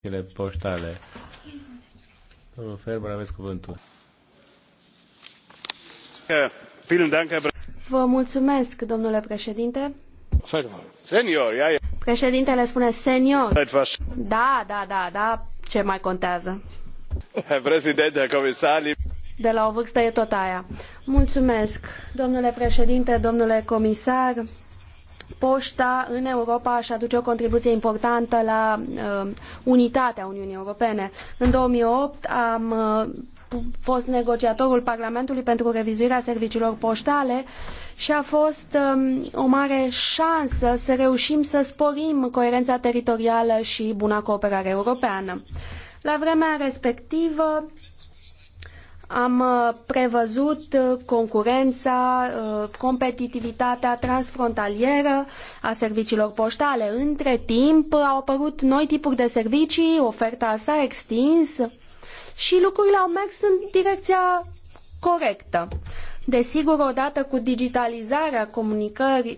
ele poștale. Domnul Ferber, aveți cuvântul. Vă mulțumesc, domnule președinte. Senior, ia, ia. Președintele spune senior. Da, da, da, da, ce mai contează? Președinte, comisar. De la o vârstă e tot aia. Mulțumesc, domnule președinte, domnule comisar poșta în Europa își aduce o contribuție importantă la uh, unitatea Uniunii Europene. În 2008 am uh, fost negociatorul Parlamentului pentru revizuirea serviciilor poștale și a fost uh, o mare șansă să reușim să sporim coerența teritorială și buna cooperare europeană. La vremea respectivă, am uh, prevăzut uh, concurența, uh, competitivitatea transfrontalieră a serviciilor poștale. Între timp au apărut noi tipuri de servicii, oferta s-a extins și lucrurile au mers în direcția corectă. Desigur, odată cu digitalizarea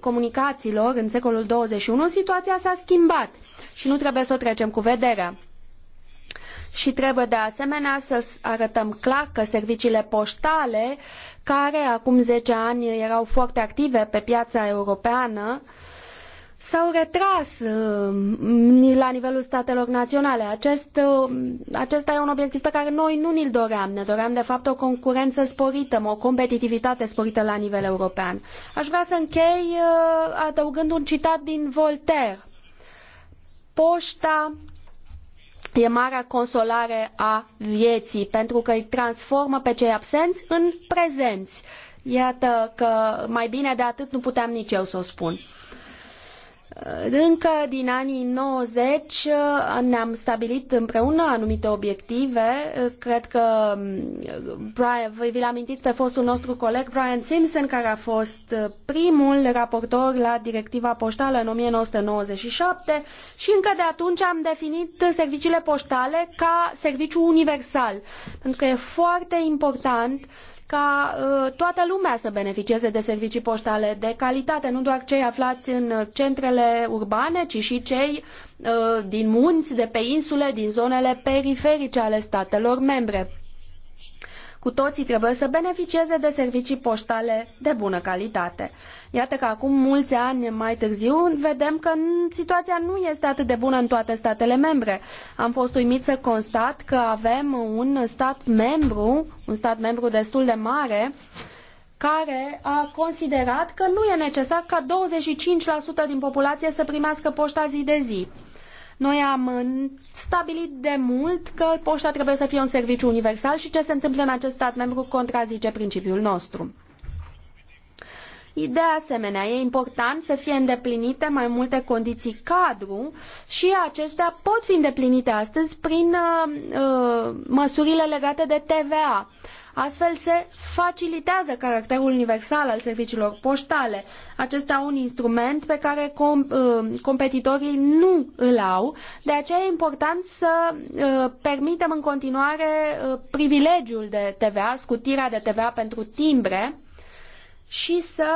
comunicațiilor în secolul 21, situația s-a schimbat și nu trebuie să o trecem cu vederea și trebuie de asemenea să arătăm clar că serviciile poștale, care acum zece ani erau foarte active pe piața europeană, s-au retras uh, la nivelul statelor naționale. Acest, uh, acesta e un obiectiv pe care noi nu ni-l doream. Ne doream, de fapt, o concurență sporită, o competitivitate sporită la nivel european. Aș vrea să închei uh, adăugând un citat din Voltaire. Poșta e marea consolare a vieții, pentru că îi transformă pe cei absenți în prezenți. Iată că mai bine de atât nu puteam nici eu să o spun. Uh, încă din anii 90 uh, ne-am stabilit împreună anumite obiective. Uh, cred că um, Brian, vi-l amintiți pe fostul nostru coleg Brian Simpson, care a fost primul raportor la directiva poștală în 1997 și încă de atunci am definit serviciile poștale ca serviciu universal, pentru că e foarte important ca uh, toată lumea să beneficieze de servicii poștale de calitate, nu doar cei aflați în centrele urbane, ci și cei uh, din munți, de pe insule, din zonele periferice ale statelor membre. Cu toții trebuie să beneficieze de servicii poștale de bună calitate. Iată că acum mulți ani mai târziu vedem că situația nu este atât de bună în toate statele membre. Am fost uimit să constat că avem un stat membru, un stat membru destul de mare, care a considerat că nu e necesar ca 25% din populație să primească poșta zi de zi. Noi am uh, stabilit de mult că poșta trebuie să fie un serviciu universal și ce se întâmplă în acest stat membru contrazice principiul nostru. De asemenea, e important să fie îndeplinite mai multe condiții cadru și acestea pot fi îndeplinite astăzi prin uh, uh măsurile legate de TVA. Uh, Astfel se facilitează caracterul universal al serviciilor poștale. Acesta un instrument pe care com, uh, competitorii nu îl au, de aceea e important să uh, permitem în continuare uh, privilegiul de TVA, scutirea de TVA pentru timbre și să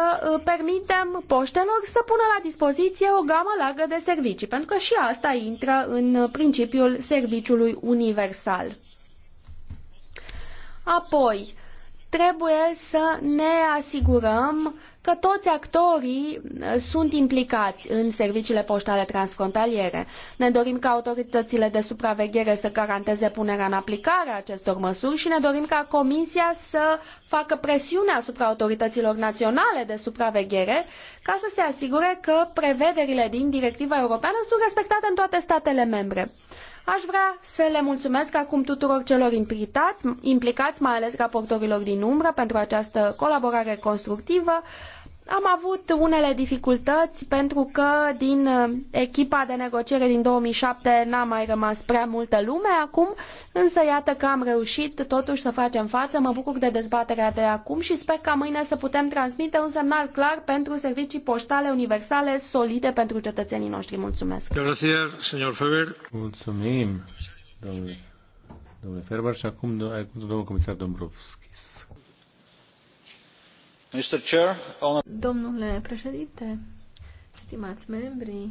permitem poștelor să pună la dispoziție o gamă largă de servicii, pentru că și asta intră în principiul serviciului universal. Apoi, trebuie să ne asigurăm că toți actorii uh, sunt implicați în serviciile poștale transfrontaliere. Ne dorim ca autoritățile de supraveghere să garanteze punerea în aplicare a acestor măsuri și ne dorim ca Comisia să facă presiune asupra autorităților naționale de supraveghere ca să se asigure că prevederile din directiva europeană sunt respectate în toate statele membre. Aș vrea să le mulțumesc acum tuturor celor implicați, implicați mai ales raportorilor din umbră, pentru această colaborare constructivă. Am avut unele dificultăți pentru că din eh, echipa de negociere din 2007 n-a mai rămas prea multă lume acum, însă iată că am reușit totuși să facem față. Mă bucur de dezbaterea de acum și sper ca mâine să putem transmite un semnal clar pentru servicii poștale universale solide pentru cetățenii noștri. Mulțumesc! Mulțumim, domnule, domnule Ferber, și acum domnul comisar Dombrovskis. Domnule președinte, stimați membri,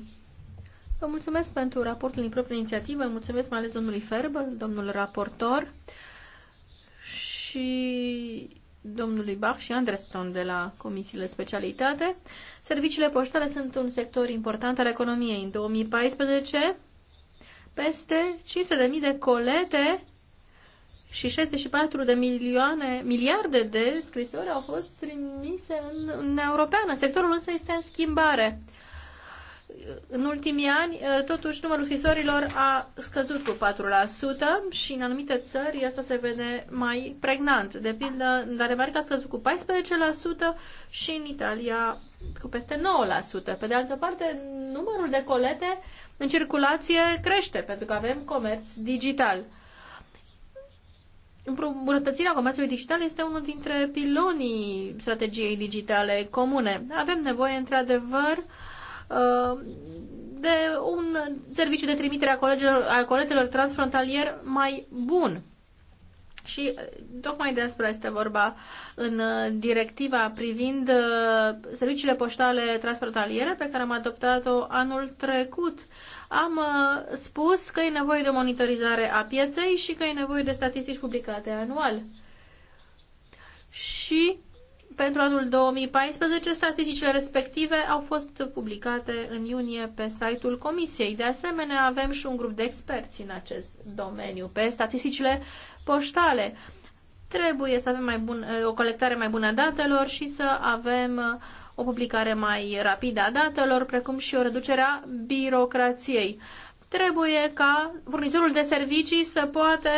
vă mulțumesc pentru raportul din proprie inițiativă, mulțumesc mai ales domnului Ferber, domnul raportor și domnului Bach și Andreston de la Comisiile Specialitate. Serviciile poștale sunt un sector important al economiei. În 2014, peste 500.000 de colete și 64 de milioane, miliarde de scrisori au fost trimise în Uniunea Europeană. Sectorul însă este în schimbare. În ultimii ani, eh, totuși, numărul scrisorilor a scăzut cu 4% și în anumite țări asta se vede mai pregnant. De pildă, în Danemarca a scăzut cu 14% și în Italia cu peste 9%. Pe de altă parte, numărul de colete în circulație crește pentru că avem comerț digital. Îmbunătățirea comerțului digital este unul dintre pilonii strategiei digitale comune. Avem nevoie, într-adevăr, uh, de un serviciu de trimitere a colegilor, a coletelor transfrontalier mai bun. Și uh, tocmai despre este vorba în uh, directiva privind uh, serviciile poștale transfrontaliere pe care am adoptat-o anul trecut. Am spus că e nevoie de monitorizare a pieței și că e nevoie de statistici publicate anual. Și pentru anul 2014, statisticile respective au fost publicate în iunie pe site-ul Comisiei. De asemenea, avem și un grup de experți în acest domeniu pe statisticile poștale. Trebuie să avem mai bun, o colectare mai bună a datelor și să avem o publicare mai rapidă a datelor, precum și o reducere a birocrației. Trebuie ca furnizorul de servicii să poată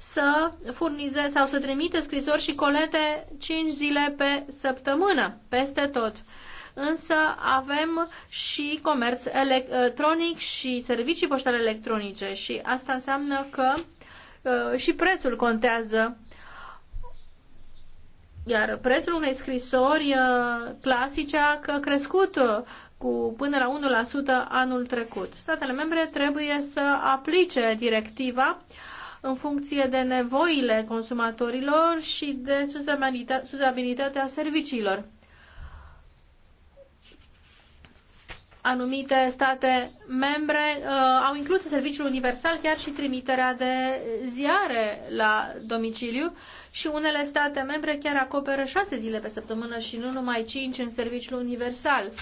să furnizeze sau să trimite scrisori și colete 5 zile pe săptămână, peste tot. Însă avem și comerț electronic și servicii poștale electronice și asta înseamnă că uh, și prețul contează iar prețul unei scrisori uh, clasice a crescut uh, cu până la 1% anul trecut. Statele membre trebuie să aplice directiva în funcție de nevoile consumatorilor și de suzabilitatea serviciilor. Anumite state membre uh, au inclus în serviciul universal chiar și trimiterea de ziare la domiciliu și unele state membre chiar acoperă șase zile pe săptămână și nu numai cinci în serviciul universal. Uh,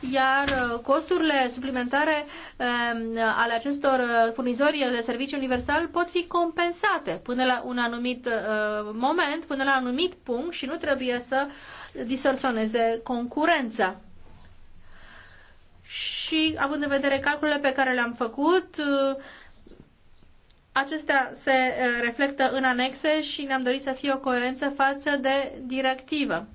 iar uh, costurile suplimentare um, ale acestor uh, furnizori de servicii universal pot fi compensate până la un anumit uh, moment, până la un anumit punct și nu trebuie să distorsioneze concurența. Și având în vedere calculele pe care le-am făcut, acestea se reflectă în anexe și ne-am dorit să fie o coerență față de directivă.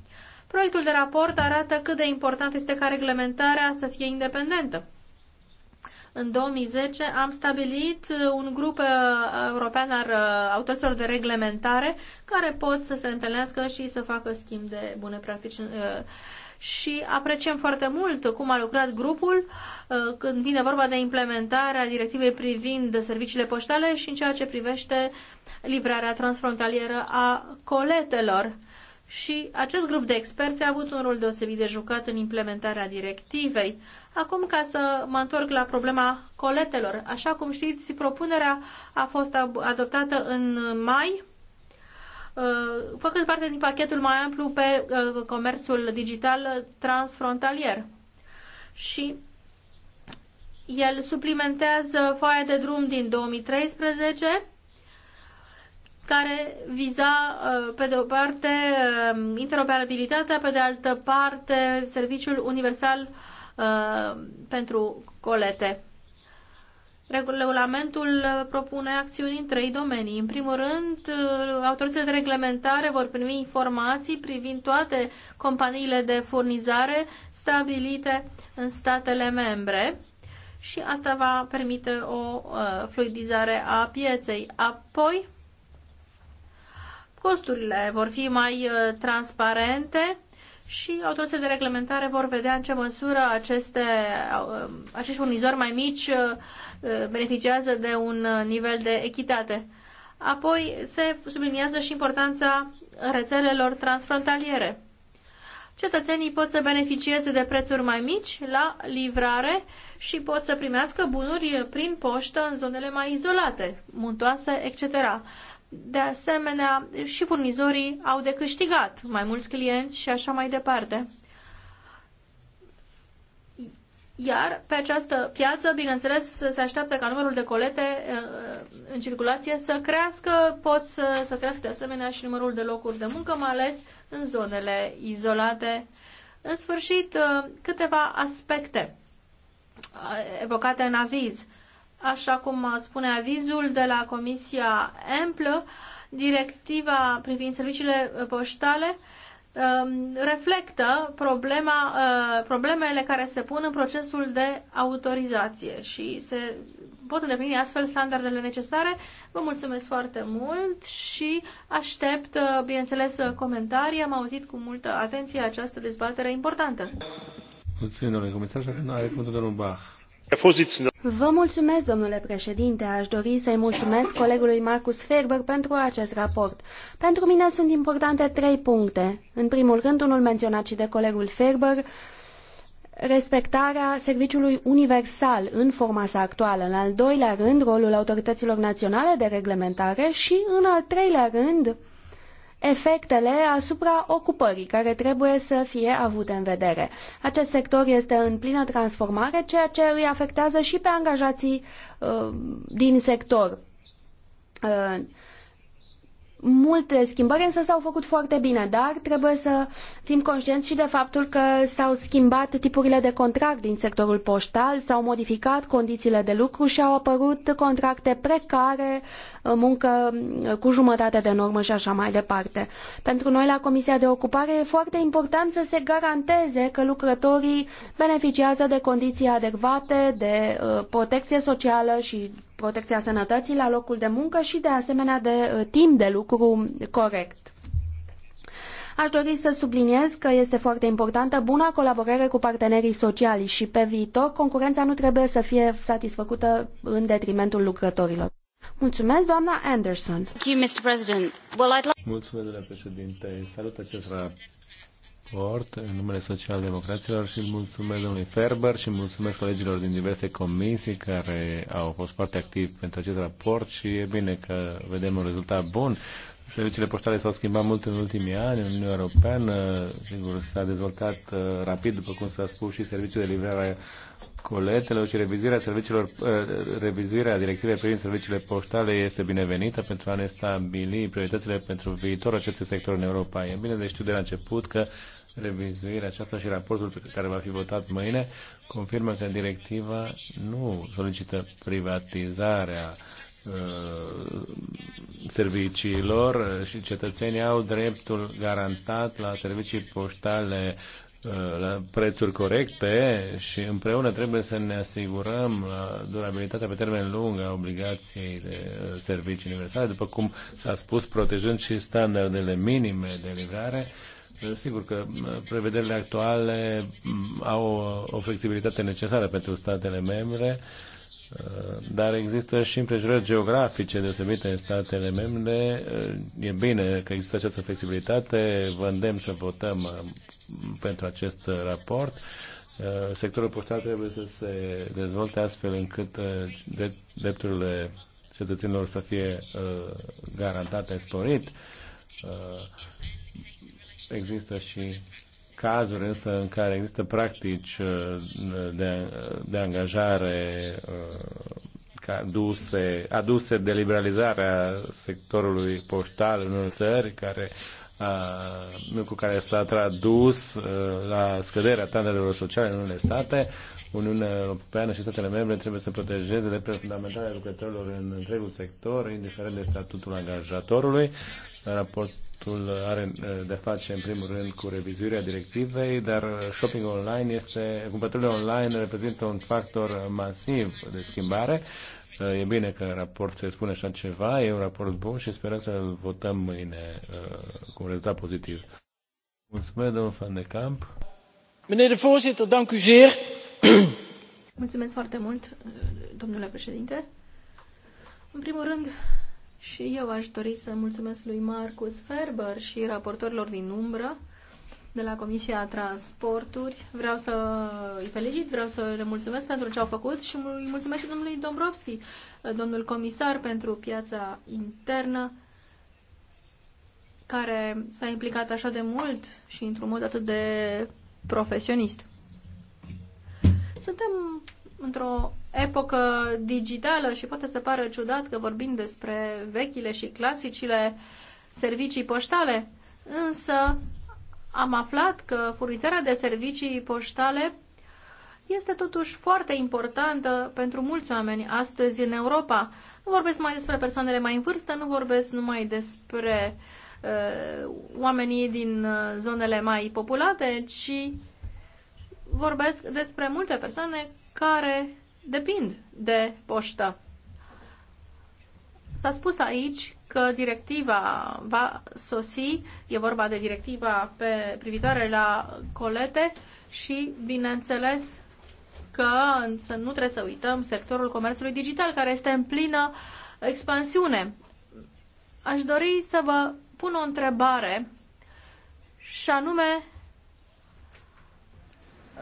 Proiectul de raport arată cât de important este ca reglementarea să fie independentă. În 2010 am stabilit un grup uh, european al uh, autorităților de reglementare care pot să se întâlnească și să facă schimb de bune practici uh, și apreciem foarte mult cum a lucrat grupul când vine vorba de implementarea directivei privind serviciile poștale și în ceea ce privește livrarea transfrontalieră a coletelor și acest grup de experți a avut un rol deosebit de jucat în implementarea directivei. Acum, ca să mă întorc la problema coletelor. Așa cum știți, propunerea a fost adoptată în mai, uh, făcând parte din pachetul mai amplu pe uh, comerțul digital transfrontalier. Și el suplimentează foaia de drum din 2013 care viza, uh, pe de o parte, uh, interoperabilitatea, pe de altă parte, serviciul universal uh, pentru colete. Regulamentul propune acțiuni în trei domenii. În primul rând, autoritățile de reglementare vor primi informații privind toate companiile de furnizare stabilite în statele membre și asta va permite o fluidizare a pieței. Apoi, costurile vor fi mai uh, transparente și autoritățile de reglementare vor vedea în ce măsură aceste, uh, acești furnizori mai mici uh, beneficiază de un nivel de echitate. Apoi se subliniază și importanța rețelelor transfrontaliere cetățenii pot să beneficieze de prețuri mai mici la livrare și pot să primească bunuri prin poștă în zonele mai izolate, muntoase, etc. De asemenea, și furnizorii au de câștigat mai mulți clienți și așa mai departe. Iar pe această piață, bineînțeles, se așteaptă ca numărul de colete uh, în circulație să crească, pot să, să crească de asemenea și numărul de locuri de muncă, mai ales în zonele izolate. În sfârșit, uh, câteva aspecte uh, evocate în aviz. Așa cum spune avizul de la Comisia Amplă, directiva privind serviciile poștale Um, reflectă problema, uh, problemele care se pun în procesul de autorizație și se pot îndeplini astfel standardele necesare. Vă mulțumesc foarte mult și aștept, uh, bineînțeles, uh, comentarii. Am auzit cu multă atenție această dezbatere importantă. Mulțumim, domnule comisar, și acum are cuvântul domnul Bach. Vă mulțumesc, domnule președinte. Aș dori să-i mulțumesc colegului Marcus Ferber pentru acest raport. Pentru mine sunt importante trei puncte. În primul rând, unul menționat și de colegul Ferber, respectarea serviciului universal în forma sa actuală, în al doilea rând rolul autorităților naționale de reglementare și în al treilea rând efectele asupra ocupării care trebuie să fie avute în vedere. Acest sector este în plină transformare, ceea ce îi afectează și pe angajații uh, din sector. Uh, Multe schimbări însă s-au făcut foarte bine, dar trebuie să fim conștienți și de faptul că s-au schimbat tipurile de contract din sectorul poștal, s-au modificat condițiile de lucru și au apărut contracte precare, muncă cu jumătate de normă și așa mai departe. Pentru noi la Comisia de Ocupare e foarte important să se garanteze că lucrătorii beneficiază de condiții adecvate, de uh, protecție socială și protecția sănătății la locul de muncă și de asemenea de uh, timp de lucru corect. Aș dori să subliniez că este foarte importantă buna colaborare cu partenerii sociali și pe viitor concurența nu trebuie să fie satisfăcută în detrimentul lucrătorilor. Mulțumesc, doamna Anderson. Mulțumesc, domnule președinte. Salut acest raport port în numele social-democraților și mulțumesc domnului Ferber și mulțumesc colegilor din diverse comisii care au fost foarte activi pentru acest raport și e bine că vedem un rezultat bun serviciile poștale s-au schimbat mult în ultimii ani în Uniunea Europeană, sigur s-a dezvoltat uh, rapid, după cum s-a spus, și serviciul de livrare a coletelor și revizuirea serviciilor, uh, revizuirea directivei privind serviciile poștale este binevenită pentru a ne stabili prioritățile pentru viitorul acestui sector în Europa. E bine de știut de la început că revizuirea aceasta și raportul pe care va fi votat mâine confirmă că directiva nu solicită privatizarea Uh, serviciilor și cetățenii au dreptul garantat la servicii poștale uh, la prețuri corecte și împreună trebuie să ne asigurăm durabilitatea pe termen lung a obligației de uh, servicii universale, după cum s-a spus, protejând și standardele minime de livrare. Sigur că prevederile actuale mm, au o flexibilitate necesară pentru statele membre, Uh, dar există și împrejurări geografice deosebite în statele membre. Uh, e bine că există această flexibilitate. Vă îndemn să votăm uh, pentru acest raport. Sectorul poștal trebuie să se dezvolte astfel încât drepturile cetățenilor să fie garantate sporit. Există și cazuri însă în care există practici uh, de, de angajare uh, aduse, aduse de liberalizarea sectorului poștal în țări care lucru care s-a tradus la scăderea tandelor sociale în unele state. Uniunea Europeană și statele membre trebuie să protejeze de fundamentale lucrătorilor în întregul sector, indiferent de statutul angajatorului. Raportul are de face în primul rând cu revizuirea directivei, dar shopping online este, cumpărăturile online reprezintă un factor masiv de schimbare E bine că în raport se spune așa ceva, e un raport bun și sperăm să-l votăm mâine uh, cu un rezultat pozitiv. Mulțumesc, domnul Van de Camp. Meneer de voorzitter, dank u zeer. Mulțumesc foarte mult, uh, domnule președinte. În primul rând, și eu aș dori să mulțumesc lui Marcus Ferber și raportorilor din umbră de la Comisia Transporturi. Vreau să îi felicit, vreau să le mulțumesc pentru ce au făcut și îi mulțumesc și domnului Dombrovski, domnul comisar pentru piața internă, care s-a implicat așa de mult și într-un mod atât de profesionist. Suntem într-o epocă digitală și poate să pară ciudat că vorbim despre vechile și clasicile servicii poștale, însă am aflat că furnizarea de servicii poștale este totuși foarte importantă pentru mulți oameni astăzi în Europa. Nu vorbesc mai despre persoanele mai în vârstă, nu vorbesc numai despre uh, oamenii din uh, zonele mai populate, ci vorbesc despre multe persoane care depind de poștă. S-a spus aici că directiva va sosi, e vorba de directiva pe privitoare la colete și, bineînțeles, că să nu trebuie să uităm sectorul comerțului digital, care este în plină expansiune. Aș dori să vă pun o întrebare și anume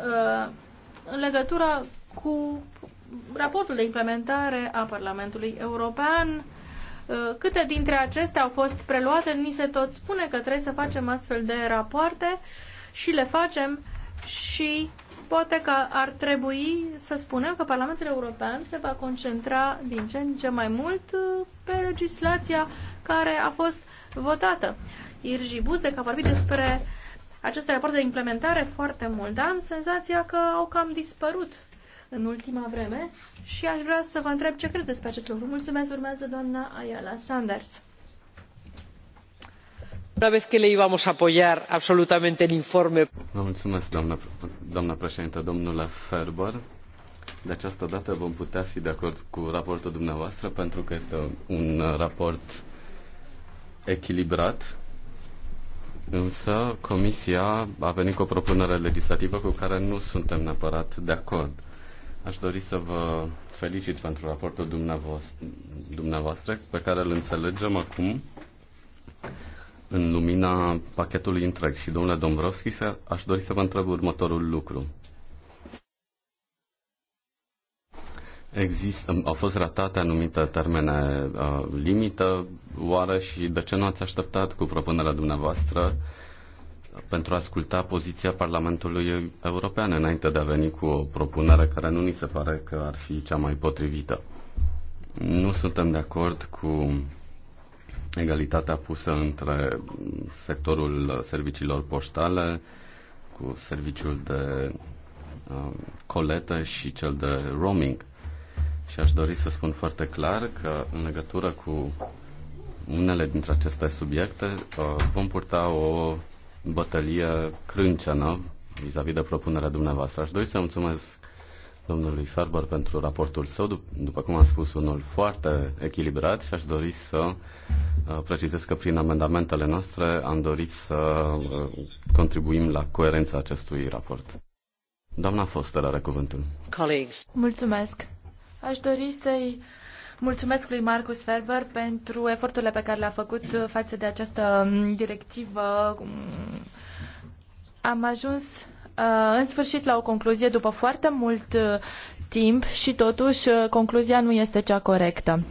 uh, în legătură cu raportul de implementare a Parlamentului European Uh, câte dintre acestea au fost preluate, ni se tot spune că trebuie să facem astfel de rapoarte și le facem și poate că ar trebui să spunem că Parlamentul European se va concentra din ce în ce mai mult uh, pe legislația care a fost votată. Irji Buzek a vorbit despre aceste rapoarte de implementare foarte mult, dar am senzația că au cam dispărut în ultima vreme și aș vrea să vă întreb ce credeți pe acest lucru. Mulțumesc, urmează doamna Ayala Sanders. Una vez que le íbamos a apoyar absolutamente el informe. Vă mulțumesc, doamna, doamna președinte, domnule Ferber. De această dată vom putea fi de acord cu raportul dumneavoastră pentru că este un raport echilibrat, însă Comisia a venit cu o propunere legislativă cu care nu suntem neapărat de acord. Aș dori să vă felicit pentru raportul dumneavoastră, pe care îl înțelegem acum în lumina pachetului întreg. Și domnule Dombrovski, aș dori să vă întreb următorul lucru. Există, au fost ratate anumite termene uh, limită, oare și de ce nu ați așteptat cu propunerea dumneavoastră pentru a asculta poziția Parlamentului European înainte de a veni cu o propunere care nu ni se pare că ar fi cea mai potrivită. Nu suntem de acord cu egalitatea pusă între sectorul serviciilor poștale, cu serviciul de uh, um, coletă și cel de roaming. Și aș dori să spun foarte clar că în legătură cu unele dintre aceste subiecte uh, vom purta o bătălie crâncenă vis-a-vis de propunerea dumneavoastră. Aș dori să mulțumesc domnului Ferber pentru raportul său, după cum am spus, unul foarte echilibrat și aș dori să uh, precizez că prin amendamentele noastre am dorit să uh, contribuim la coerența acestui raport. Doamna Foster are cuvântul. Colleagues. Mulțumesc. Aș dori să-i Mulțumesc lui Marcus Ferber pentru eforturile pe care le-a făcut față de această um, directivă. Um, am ajuns uh, în sfârșit la o concluzie după foarte mult uh, timp și totuși uh, concluzia nu este cea corectă.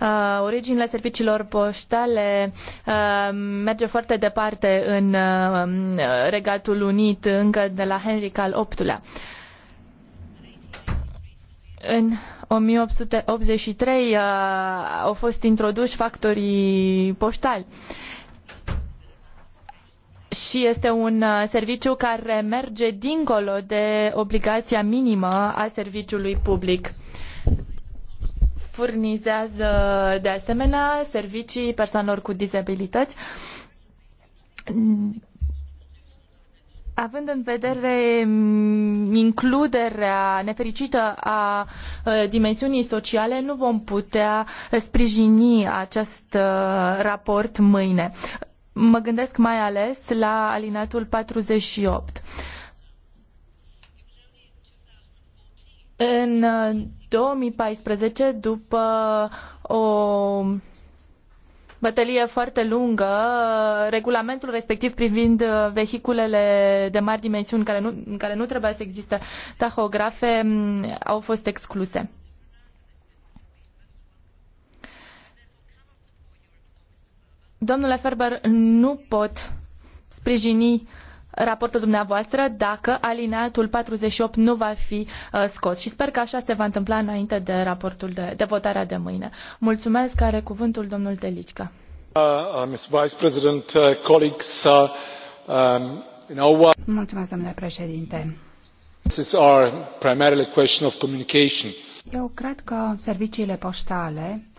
Uh, originile serviciilor poștale uh, merge foarte departe în uh, um, Regatul Unit, încă de la Henry al VIII-lea. Uh, în 1883 uh, au fost introduși factorii poștali și este un uh, serviciu care merge dincolo de obligația minimă a serviciului public. Furnizează de asemenea servicii persoanelor cu dizabilități Având în vedere mm, includerea nefericită a dimensiunii sociale, nu vom putea sprijini acest raport mâine. Mă gândesc mai ales la alinatul 48. În 2014, după o bătălie foarte lungă. Uh, regulamentul respectiv privind uh, vehiculele de mari dimensiuni care nu, în care nu trebuia să existe tahografe mm, au fost excluse. Domnule Ferber, nu pot sprijini raportul dumneavoastră dacă alineatul 48 nu va fi uh, scos. Și sper că așa se va întâmpla înainte de raportul de, de votarea de mâine. Mulțumesc, are cuvântul domnul Telicica. Uh, uh, Ms. Vice President, uh, colleagues, uh, um, you know, uh, Mulțumesc, domnule președinte. This is our primarily question of communication. Eu cred că serviciile poștale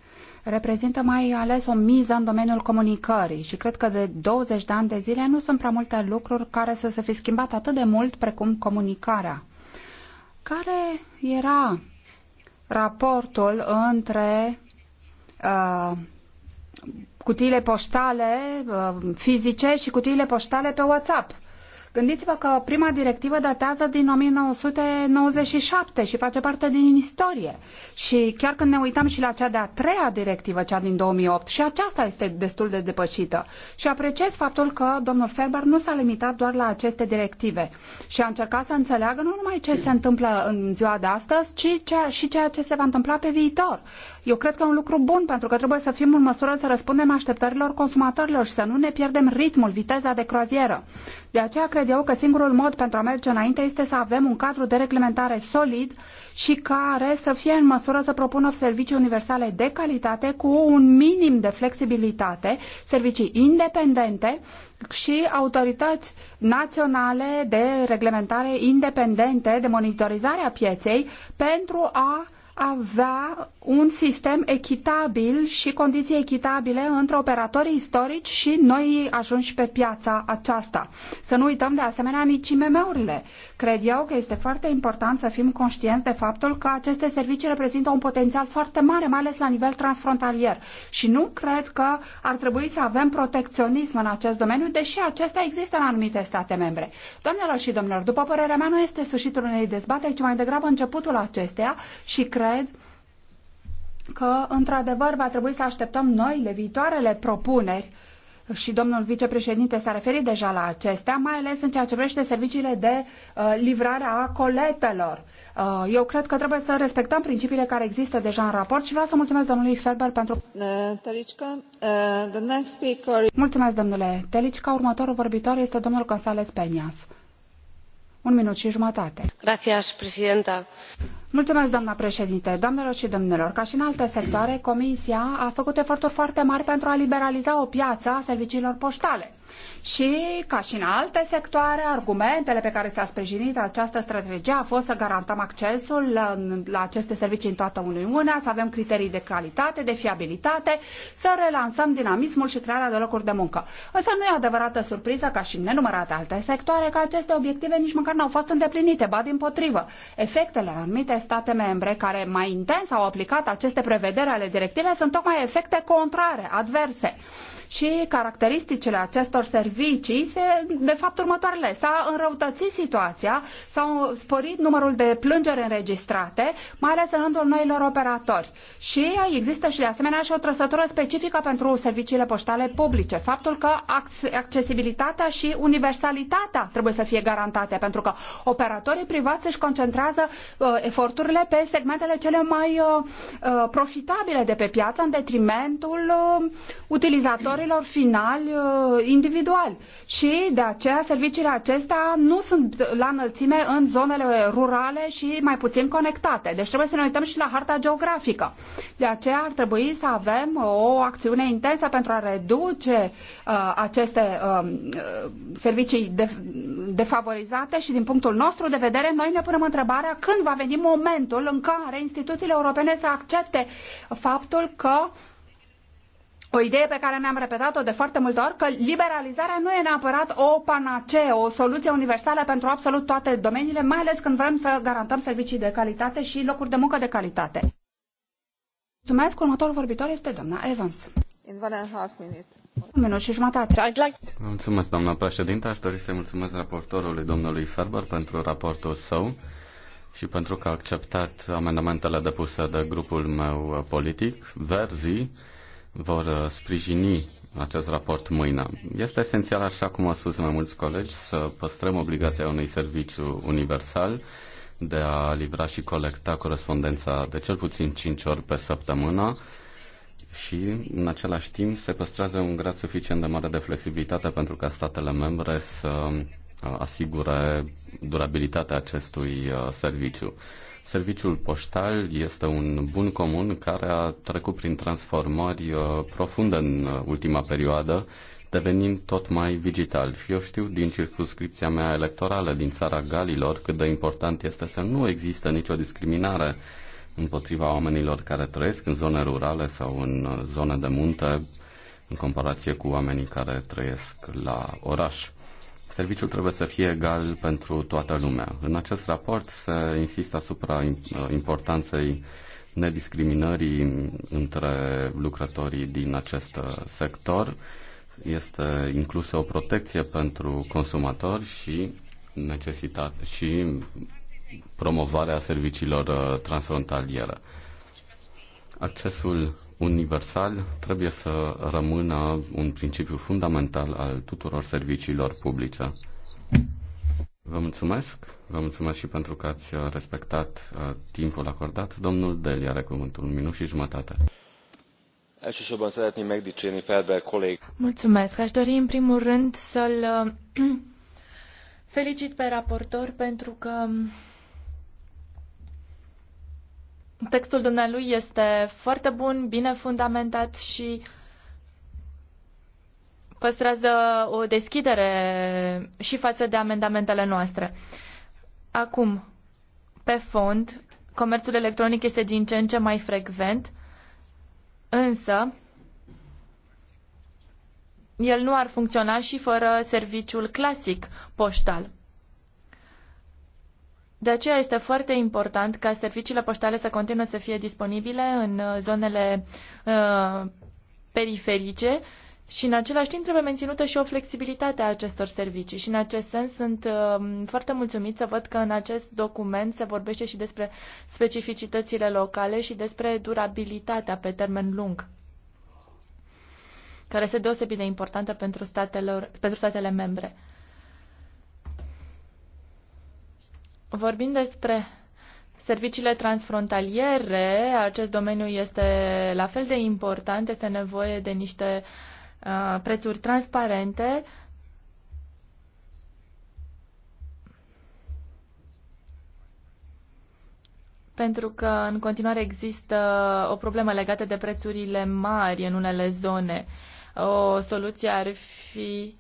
reprezintă mai ales o miză în domeniul comunicării și cred că de 20 de ani de zile nu sunt prea multe lucruri care să se fi schimbat atât de mult precum comunicarea. Care era raportul între uh, cutiile poștale uh, fizice și cutiile poștale pe WhatsApp? Gândiți-vă că prima directivă datează din 1997 și face parte din istorie. Și chiar când ne uităm și la cea de-a treia directivă, cea din 2008, și aceasta este destul de depășită. Și apreciez faptul că domnul Ferber nu s-a limitat doar la aceste directive și a încercat să înțeleagă nu numai ce se întâmplă în ziua de astăzi, ci ceea, și ceea ce se va întâmpla pe viitor. Eu cred că e un lucru bun, pentru că trebuie să fim în măsură să răspundem așteptărilor consumatorilor și să nu ne pierdem ritmul, viteza de croazieră. De aceea cred eu că singurul mod pentru a merge înainte este să avem un cadru de reglementare solid și care să fie în măsură să propună servicii universale de calitate cu un minim de flexibilitate, servicii independente și autorități naționale de reglementare independente, de monitorizare a pieței pentru a avea un sistem echitabil și condiții echitabile între operatorii istorici și noi ajunși pe piața aceasta. Să nu uităm de asemenea nici IMM-urile, Cred eu că este foarte important să fim conștienți de faptul că aceste servicii reprezintă un potențial foarte mare, mai ales la nivel transfrontalier. Și nu cred că ar trebui să avem protecționism în acest domeniu, deși acesta există în anumite state membre. Doamnelor și domnilor, după părerea mea, nu este sfârșitul unei dezbateri, ci mai degrabă începutul acesteia și cred că, într-adevăr, va trebui să așteptăm noile, viitoarele propuneri uh, și domnul vicepreședinte s-a referit deja la acestea, mai ales în ceea ce privește serviciile de uh, livrare a coletelor. Uh, eu cred că trebuie să respectăm principiile care există deja în raport și vreau să mulțumesc domnului Ferber pentru... Uh, Telicica, uh, the next speaker... Mulțumesc, domnule Telicica. Următorul vorbitor este domnul González Peñas. Un minut și jumătate. Gracias, presidenta. Mulțumesc, doamna președinte. Doamnelor și domnilor, ca și în alte sectoare, Comisia a făcut eforturi foarte mari pentru a liberaliza o piață a serviciilor poștale. Și, ca și în alte sectoare, argumentele pe care s-a sprijinit această strategie a fost să garantăm accesul la, la aceste servicii în toată Uniunea, să avem criterii de calitate, de fiabilitate, să relansăm dinamismul și crearea de locuri de muncă. Însă nu e adevărată surpriză, ca și în nenumărate alte sectoare, că aceste obiective nici măcar n-au fost îndeplinite, ba din potrivă. Efectele în anumite state membre care mai intens au aplicat aceste prevederi ale directivei sunt tocmai efecte contrare, adverse și caracteristicile acestor servicii se, de fapt, următoarele. S-a înrăutățit situația, s-a sporit numărul de plângeri înregistrate, mai ales în rândul noilor operatori. Și există și, de asemenea, și o trăsătură specifică pentru serviciile poștale publice. Faptul că accesibilitatea și universalitatea trebuie să fie garantate, pentru că operatorii privați își concentrează uh, eforturile pe segmentele cele mai uh, uh profitabile de pe piață, în detrimentul uh, utilizatorilor consumatorilor finali uh, individuali. Și de aceea serviciile acestea nu sunt la înălțime în zonele rurale și mai puțin conectate. Deci trebuie să ne uităm și la harta geografică. De aceea ar trebui să avem uh, o acțiune intensă pentru a reduce uh, aceste um, uh, servicii de, defavorizate și din punctul nostru de vedere noi ne punem întrebarea când va veni momentul în care instituțiile europene să accepte faptul că o idee pe care mi-am repetat-o de foarte multe ori, că liberalizarea nu e neapărat o panacee, o soluție universală pentru absolut toate domeniile, mai ales când vrem să garantăm servicii de calitate și locuri de muncă de calitate. Mulțumesc. Următorul vorbitor este doamna Evans. In one and a half minute. Un minut și jumătate. Mulțumesc, doamna președintă. Aș dori să-i mulțumesc raportorului domnului Ferber pentru raportul său și pentru că a acceptat amendamentele depuse de grupul meu politic, Verzi vor uh, sprijini acest raport mâine. Este esențial, așa cum au spus mai mulți colegi, să păstrăm obligația unui serviciu universal de a livra și colecta corespondența de cel puțin 5 ori pe săptămână și, în același timp, se păstrează un grad suficient de mare de flexibilitate pentru ca statele membre să uh, asigure durabilitatea acestui uh, serviciu. Serviciul poștal este un bun comun care a trecut prin transformări uh, profunde în uh, ultima perioadă, devenind tot mai digital. Și eu știu din circunscripția mea electorală din țara Galilor cât de important este să nu există nicio discriminare împotriva oamenilor care trăiesc în zone rurale sau în uh, zone de munte în comparație cu oamenii care trăiesc la oraș. Serviciul trebuie să fie egal pentru toată lumea. În acest raport se insistă asupra importanței nediscriminării între lucrătorii din acest sector. Este inclusă o protecție pentru consumatori și necesitate și promovarea serviciilor uh, transfrontaliere. Accesul universal trebuie să rămână un principiu fundamental al tuturor serviciilor publice. Vă mulțumesc, vă mulțumesc și pentru că ați respectat uh, timpul acordat. Domnul Deli are cuvântul, un minut și jumătate. Mulțumesc. Aș dori în primul rând să-l uh, felicit pe raportor pentru că um, Textul dumnealui este foarte bun, bine fundamentat și păstrează o deschidere și față de amendamentele noastre. Acum, pe fond, comerțul electronic este din ce în ce mai frecvent, însă el nu ar funcționa și fără serviciul clasic poștal. De aceea este foarte important ca serviciile poștale să continue să fie disponibile în uh, zonele uh, periferice și în același timp trebuie menținută și o flexibilitate a acestor servicii și în acest sens sunt uh, foarte mulțumit să văd că în acest document se vorbește și despre specificitățile locale și despre durabilitatea pe termen lung care este deosebit de importantă pentru, statelor, pentru statele membre. Vorbind despre serviciile transfrontaliere, acest domeniu este la fel de important, este nevoie de niște uh, prețuri transparente. Pentru că în continuare există o problemă legată de prețurile mari în unele zone. O soluție ar fi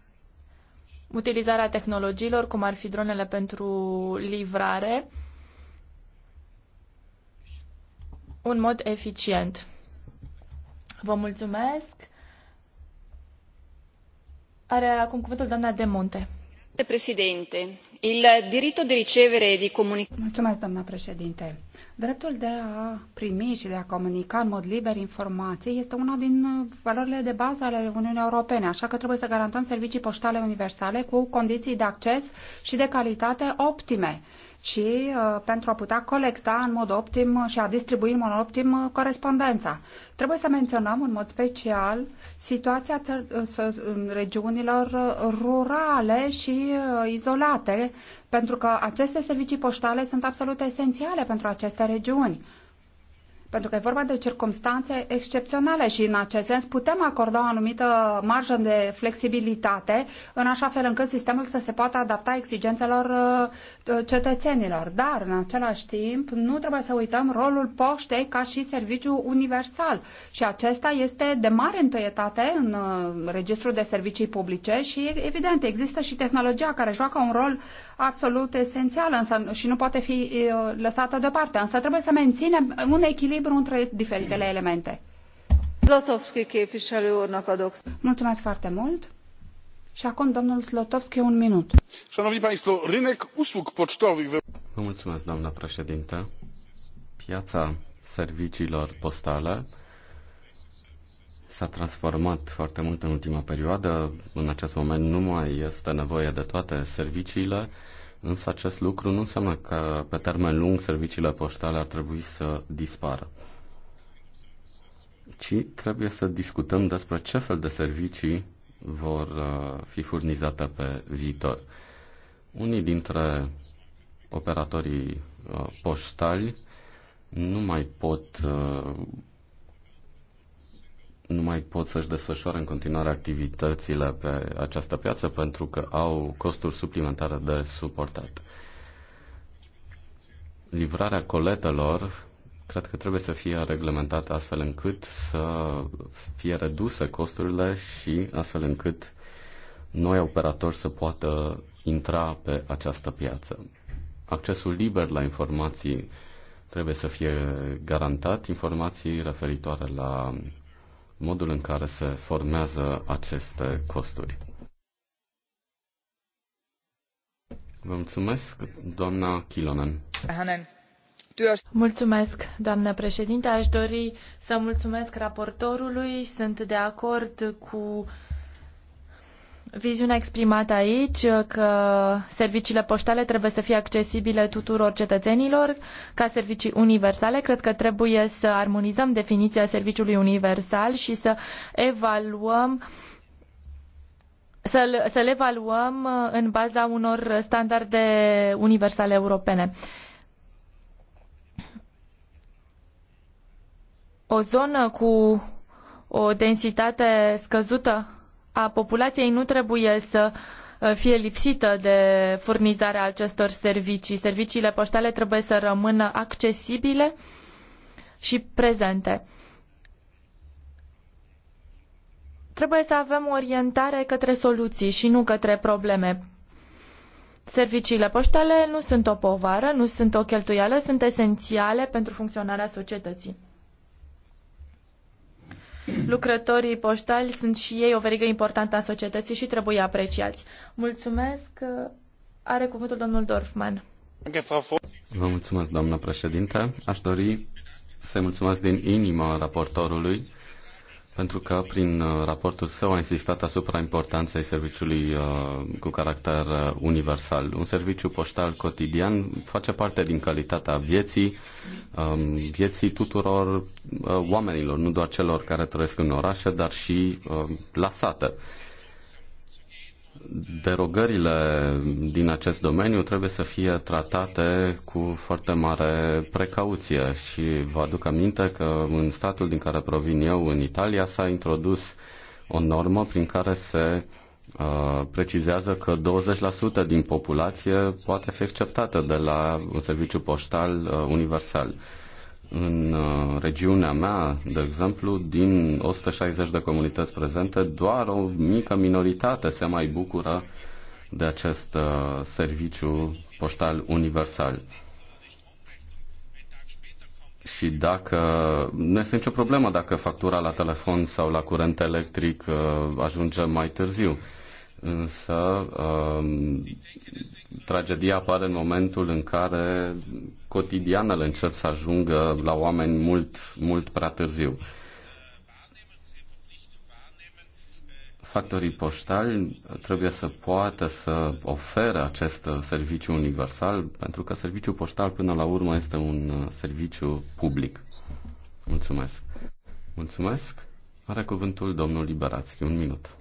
utilizarea tehnologiilor, cum ar fi dronele pentru livrare, un mod eficient. Vă mulțumesc. Are acum cuvântul doamna De Monte doamnă președinte dreptul de a primi și de a comunica în mod liber informații este una din valorile de bază ale uniunii europene așa că trebuie să garantăm servicii poștale universale cu condiții de acces și de calitate optime ci uh, pentru a putea colecta în mod optim și a distribui în mod optim uh, corespondența. Trebuie să menționăm în mod special situația uh, în regiunilor rurale și izolate, pentru că aceste servicii poștale sunt absolut esențiale pentru aceste regiuni pentru că e vorba de circunstanțe excepționale și în acest sens putem acorda o anumită marjă de flexibilitate în așa fel încât sistemul să se poată adapta exigențelor uh, cetățenilor. Dar, în același timp, nu trebuie să uităm rolul poștei ca și serviciu universal și acesta este de mare întâietate în uh, registrul de servicii publice și, evident, există și tehnologia care joacă un rol absolut esențială însă, și nu poate fi lăsată deoparte, însă trebuie să menținem un echilibru între diferitele elemente. Zlotovski Mulțumesc foarte mult. Și acum domnul Slotovski un minut. Szanowni Państwo, Vă mulțumesc, doamna președintă. Piața serviciilor postale s-a transformat foarte mult în ultima perioadă. În acest moment nu mai este nevoie de toate serviciile, însă acest lucru nu înseamnă că pe termen lung serviciile poștale ar trebui să dispară ci trebuie să discutăm despre ce fel de servicii vor uh, fi furnizate pe viitor. Unii dintre operatorii uh, poștali nu mai pot uh, nu mai pot să-și desfășoare în continuare activitățile pe această piață pentru că au costuri suplimentare de suportat. Livrarea coletelor cred că trebuie să fie reglementată astfel încât să fie reduse costurile și astfel încât noi operatori să poată intra pe această piață. Accesul liber la informații trebuie să fie garantat, informații referitoare la modul în care se formează aceste costuri. Vă mulțumesc, doamna Kilonen. Hanen. Mulțumesc, doamnă președinte. Aș dori să mulțumesc raportorului. Sunt de acord cu uh, viziunea exprimată aici că serviciile poștale trebuie să fie accesibile tuturor cetățenilor ca servicii universale. Cred că trebuie să armonizăm definiția serviciului universal și să evaluăm să-l, să-l evaluăm în baza unor standarde universale europene. O zonă cu o densitate scăzută a populației nu trebuie să uh, fie lipsită de furnizarea acestor servicii. Serviciile poștale trebuie să rămână accesibile și prezente. Trebuie să avem o orientare către soluții și nu către probleme. Serviciile poștale nu sunt o povară, nu sunt o cheltuială, sunt esențiale pentru funcționarea societății lucrătorii poștali sunt și ei o verigă importantă a societății și trebuie apreciați. Mulțumesc. Are cuvântul domnul Dorfman. Vă mulțumesc, doamnă președinte. Aș dori să-i mulțumesc din inimă raportorului pentru că prin uh, raportul său a insistat asupra importanței serviciului uh, cu caracter uh, universal. Un serviciu poștal cotidian face parte din calitatea vieții, um, vieții tuturor oamenilor, nu doar celor care trăiesc în orașe, dar și la sată derogările din acest domeniu trebuie să fie tratate cu foarte mare precauție și vă aduc aminte că în statul din care provin eu, în Italia, s-a introdus o normă prin care se uh, precizează că 20% din populație poate fi acceptată de la un serviciu poștal uh, universal. Uh, în uh, regiunea mea, de exemplu, din 160 de comunități prezente, doar o mică minoritate se mai bucură de acest uh, serviciu poștal universal. Și dacă nu este nicio problemă dacă factura la telefon sau la curent electric uh, ajunge mai târziu însă um, tragedia apare în momentul în care cotidianele încep să ajungă la oameni mult, mult prea târziu. Factorii poștali trebuie să poată să ofere acest serviciu universal, pentru că serviciul poștal până la urmă este un serviciu public. Mulțumesc. Mulțumesc. Are cuvântul domnul Liberațchi. Un minut.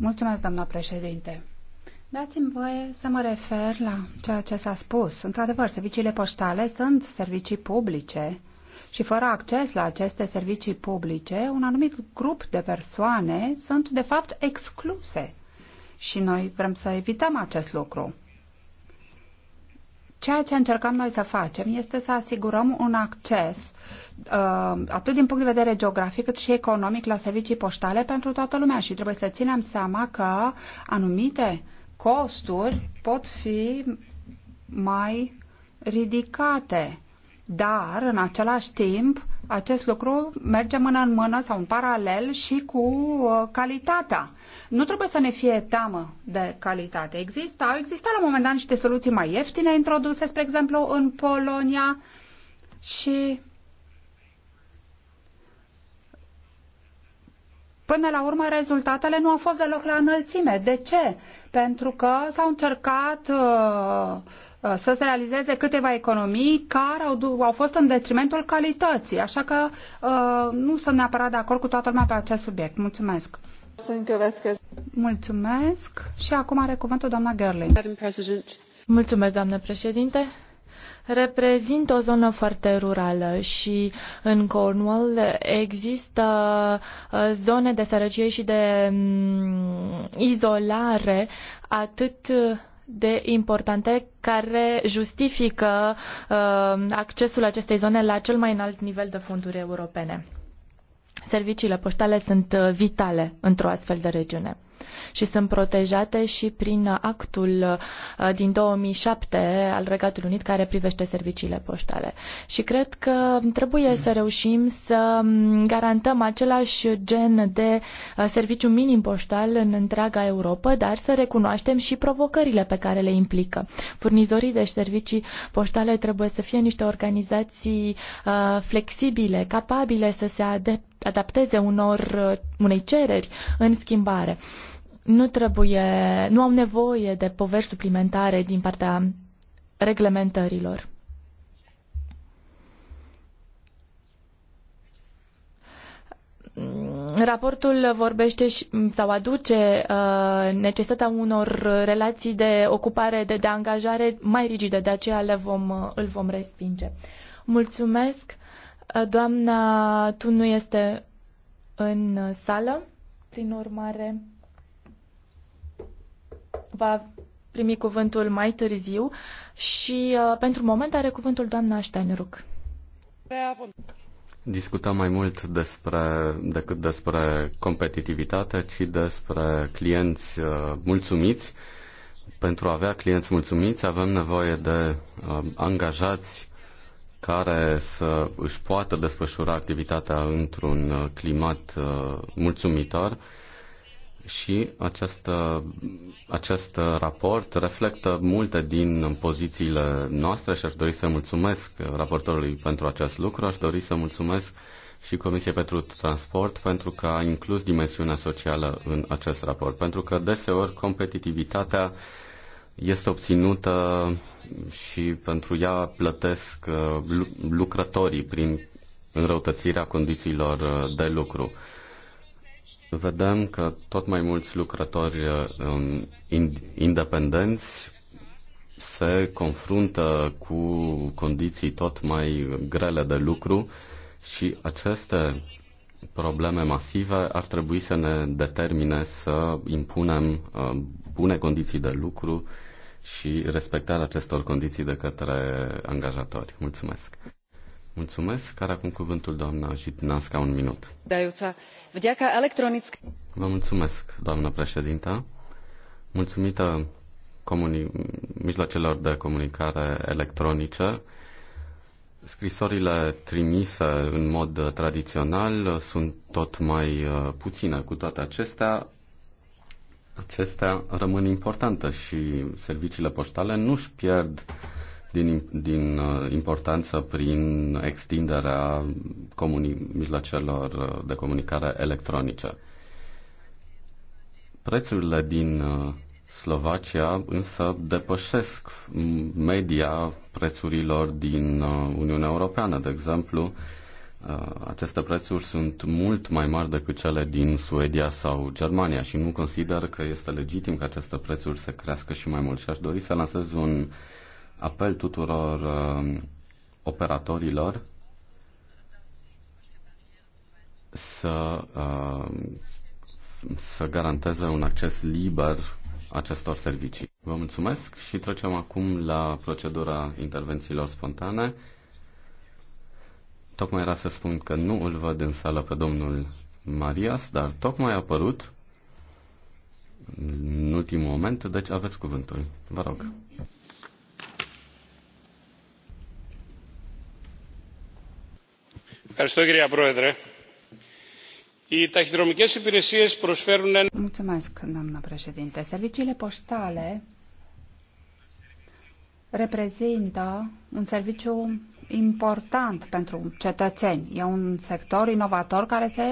Mulțumesc, doamna președinte. Dați-mi voie să mă refer la ceea ce s-a spus. Într-adevăr, serviciile poștale sunt servicii publice și fără acces la aceste servicii publice, un anumit grup de persoane sunt, de fapt, excluse. Și noi vrem să evităm acest lucru. Ceea ce încercăm noi să facem este să asigurăm un acces uh, atât din punct de vedere geografic cât și economic la servicii poștale pentru toată lumea și trebuie să ținem seama că anumite costuri pot fi mai ridicate, dar în același timp acest lucru merge mână în mână sau în paralel și cu uh, calitatea. Nu trebuie să ne fie teamă de calitate. Există, au existat la un moment dat niște soluții mai ieftine introduse, spre exemplu, în Polonia și Până la urmă, rezultatele nu au fost deloc la înălțime. De ce? Pentru că s-au încercat uh, Uh, să se realizeze câteva economii care au, au fost în detrimentul calității. Așa că uh, nu sunt neapărat de acord cu toată lumea pe acest subiect. Mulțumesc! Mulțumesc și acum are cuvântul doamna Gerling. Mulțumesc, doamnă președinte. Reprezint o zonă foarte rurală și în Cornwall există uh, zone de sărăcie și de mm, izolare atât de importante care justifică uh, accesul acestei zone la cel mai înalt nivel de fonduri europene. Serviciile poștale sunt uh, vitale într-o astfel de regiune și sunt protejate și prin actul uh, din 2007 al Regatului Unit care privește serviciile poștale. Și cred că trebuie să reușim să um, garantăm același gen de uh, serviciu minim poștal în întreaga Europa, dar să recunoaștem și provocările pe care le implică. Furnizorii de servicii poștale trebuie să fie niște organizații uh, flexibile, capabile să se adapteze unor, unei cereri în schimbare nu trebuie, nu au nevoie de povești suplimentare din partea reglementărilor. Raportul vorbește și, sau aduce uh, necesitatea unor relații de ocupare, de, de angajare mai rigide, de aceea le vom, uh, îl vom respinge. Mulțumesc. Uh, doamna, tu nu este în sală, prin urmare va primi cuvântul mai târziu și uh, pentru moment are cuvântul doamna Steinruck. Discutăm mai mult despre, decât despre competitivitate, ci despre clienți uh, mulțumiți. Pentru a avea clienți mulțumiți avem nevoie de uh, angajați care să își poată desfășura activitatea într-un uh, climat uh, mulțumitor și acest, acest raport reflectă multe din pozițiile noastre și aș dori să mulțumesc raportorului pentru acest lucru. Aș dori să mulțumesc și Comisiei pentru Transport pentru că a inclus dimensiunea socială în acest raport. Pentru că deseori competitivitatea este obținută și pentru ea plătesc uh, lucrătorii prin înrăutățirea condițiilor uh, de lucru vedem că tot mai mulți lucrători uh, independenți se confruntă cu condiții tot mai grele de lucru și aceste probleme masive ar trebui să ne determine să impunem uh, bune condiții de lucru și respectarea acestor condiții de către angajatori. Mulțumesc! Mulțumesc. Care acum cuvântul doamna Jitnasca, un minut. Vă mulțumesc, doamna președinta. Mulțumită comuni- mijloacelor de comunicare electronice, scrisorile trimise în mod tradițional sunt tot mai uh, puține. Cu toate acestea, acestea rămân importante și serviciile poștale nu-și pierd din, din uh, importanță prin extinderea comuni- mijloacelor uh, de comunicare electronice. Prețurile din uh, Slovacia însă depășesc media prețurilor din Uniunea Europeană. De exemplu, aceste prețuri sunt mult mai mari decât cele din Suedia sau Germania și nu consider că este legitim ca aceste prețuri să crească și mai mult. Și aș dori să lansez un uh, apel tuturor uh, operatorilor să, uh, să garanteze un acces liber acestor servicii. Vă mulțumesc și trecem acum la procedura intervențiilor spontane. Tocmai era să spun că nu îl văd în sală pe domnul Marias, dar tocmai a apărut în ultimul moment, deci aveți cuvântul. Vă rog. Mm-hmm. Mulțumesc, doamnă președinte. Serviciile poștale reprezintă un serviciu important pentru cetățeni. E un sector inovator care se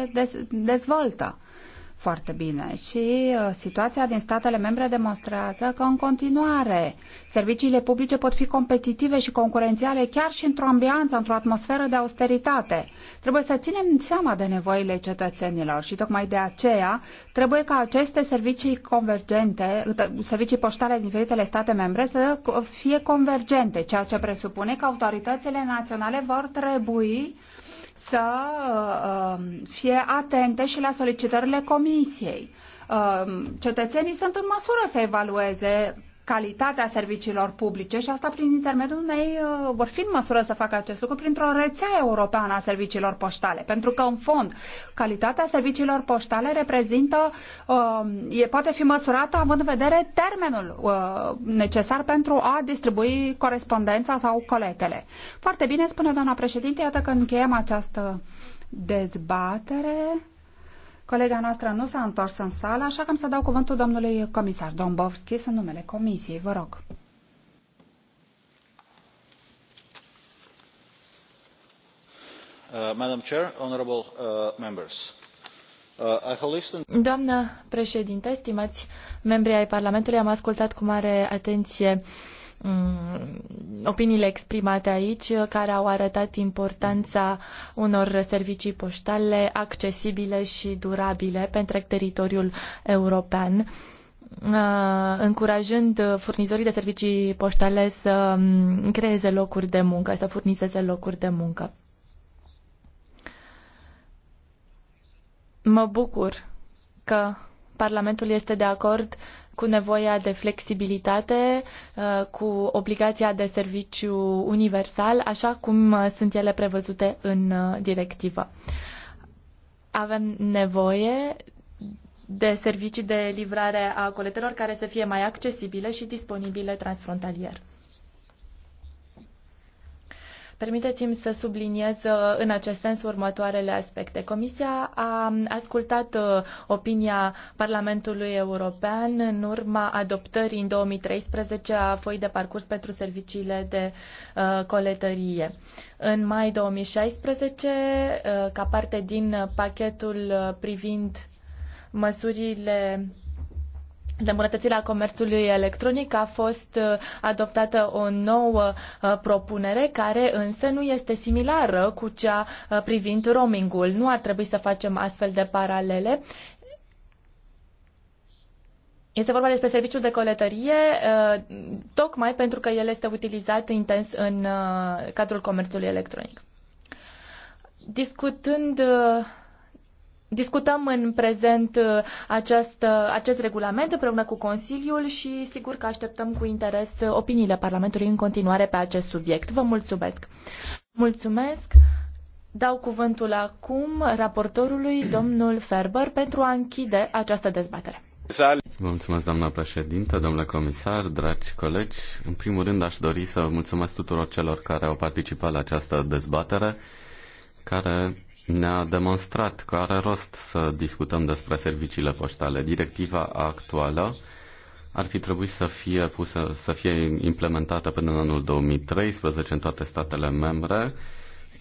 dezvoltă foarte bine și uh, situația din statele membre demonstrează că în continuare serviciile publice pot fi competitive și concurențiale chiar și într-o ambianță, într-o atmosferă de austeritate. Trebuie să ținem seama de nevoile cetățenilor și tocmai de aceea trebuie ca aceste servicii convergente, ă, servicii poștale din diferitele state membre să fie convergente, ceea ce presupune că autoritățile naționale vor trebui să uh, um, fie atente și la solicitările comisiei. Uh, um, cetățenii sunt în măsură să evalueze calitatea serviciilor publice și asta prin intermediul unei uh, vor fi în măsură să facă acest lucru printr-o rețea europeană a serviciilor poștale. Pentru că, în fond, calitatea serviciilor poștale reprezintă, uh, e, poate fi măsurată având în vedere termenul uh, necesar pentru a distribui corespondența sau coletele. Foarte bine, spune doamna președinte, iată că încheiem această dezbatere. Colega noastră nu s-a întors în sală, așa că am să dau cuvântul domnului comisar Dombovski în numele comisiei. Vă rog. Uh, Madam Chair, honorable uh, members. Uh, Doamnă președinte, stimați membri ai Parlamentului, am ascultat cu mare atenție Mm, opiniile exprimate aici, uh, care au arătat importanța unor servicii poștale accesibile și durabile pentru teritoriul european uh, încurajând furnizorii de servicii poștale să mm, creeze locuri de muncă, să furnizeze locuri de muncă. Mă bucur că Parlamentul este de acord cu nevoia de flexibilitate, uh, cu obligația de serviciu universal, așa cum uh, sunt ele prevăzute în uh, directivă. Avem nevoie de servicii de livrare a coletelor care să fie mai accesibile și disponibile transfrontalier. Permiteți-mi să subliniez uh, în acest sens următoarele aspecte. Comisia a ascultat uh, opinia Parlamentului European în urma adoptării în 2013 a foii de parcurs pentru serviciile de uh, coletărie. În mai 2016, ca parte din pachetul privind măsurile de îmbunătățire comerțului electronic a fost uh, adoptată o nouă uh, propunere care însă nu este similară cu cea uh, privind roamingul. Nu ar trebui să facem astfel de paralele. Este vorba despre serviciul de coletărie, tocmai pentru că el este utilizat intens în cadrul comerțului electronic. Discutând Discutăm în prezent uh, acest, acest regulament împreună cu Consiliul și sigur că așteptăm cu interes uh, opiniile Parlamentului în continuare pe acest subiect. Vă mulțumesc! Mulțumesc! Dau cuvântul acum raportorului, domnul Ferber, pentru a închide această dezbatere. Vă mulțumesc, doamna președintă, domnule comisar, dragi colegi. În primul rând aș dori să mulțumesc tuturor celor care au participat la această dezbatere, care ne-a demonstrat că are rost să discutăm despre serviciile poștale. Directiva actuală ar fi trebuit să fie, pusă, să fie implementată până în anul 2013 în toate statele membre,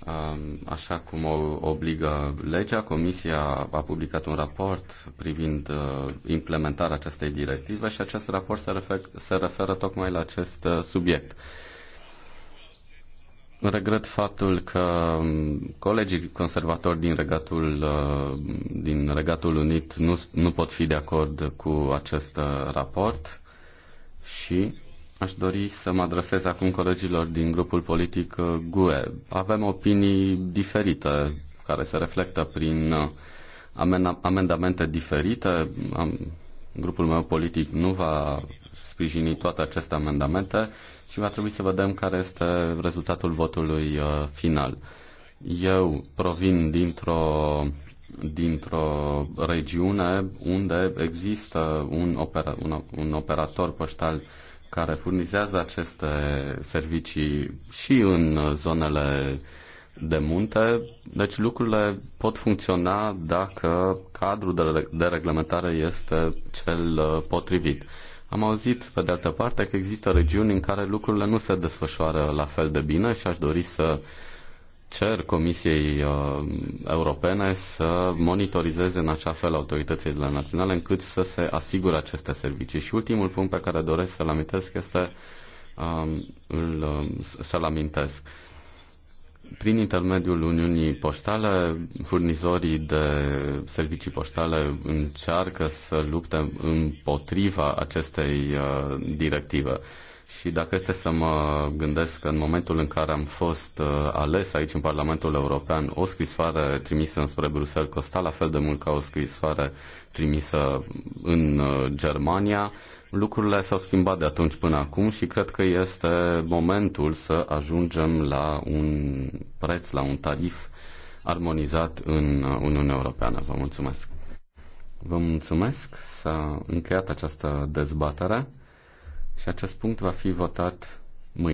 um, așa cum o obligă legea. Comisia a publicat un raport privind uh, implementarea acestei directive și acest raport se, refer, se referă tocmai la acest uh, subiect. Regret faptul că um, colegii conservatori din Regatul, uh, din Regatul Unit nu, nu pot fi de acord cu acest uh, raport și aș dori să mă adresez acum colegilor din grupul politic uh, GUE. Avem opinii diferite care se reflectă prin amendamente diferite. Grupul meu politic nu va sprijini toate aceste amendamente și va trebui să vedem care este rezultatul votului uh, final. Eu provin dintr-o dintr-o regiune unde există un, opera, un, un operator poștal care furnizează aceste servicii și în zonele de munte, deci lucrurile pot funcționa dacă cadrul de, de reglementare este cel uh, potrivit. Am auzit, pe de altă parte, că există regiuni în care lucrurile nu se desfășoară la fel de bine și aș dori să cer Comisiei uh, Europene să monitorizeze în acea fel autoritățile naționale încât să se asigure aceste servicii. Și ultimul punct pe care doresc să-l amintesc este uh, îl, um, să-l amintesc. Uh, prin intermediul Uniunii Poștale, furnizorii de servicii poștale încearcă să lupte împotriva acestei uh, directive. Și dacă este să mă gândesc că în momentul în care am fost uh, ales aici în Parlamentul European, o scrisoare trimisă înspre Bruxelles costa la fel de mult ca o scrisoare trimisă în uh, Germania, Lucrurile s-au schimbat de atunci până acum și cred că este momentul să ajungem la un preț, la un tarif armonizat în Uniunea Europeană. Vă mulțumesc! Vă mulțumesc! S-a încheiat această dezbatere și acest punct va fi votat